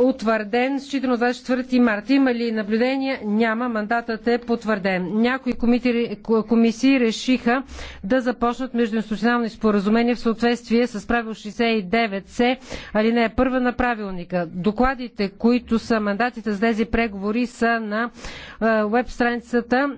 утвърден считано 24 марта. Има ли наблюдения? Няма. Мандатът е потвърден. Някои комисии решиха да започнат междуинституционални споразумения в съответствие с правил 69C, алинея първа на правилника. Докладите, които са мандатите за тези преговори са на веб е, страницата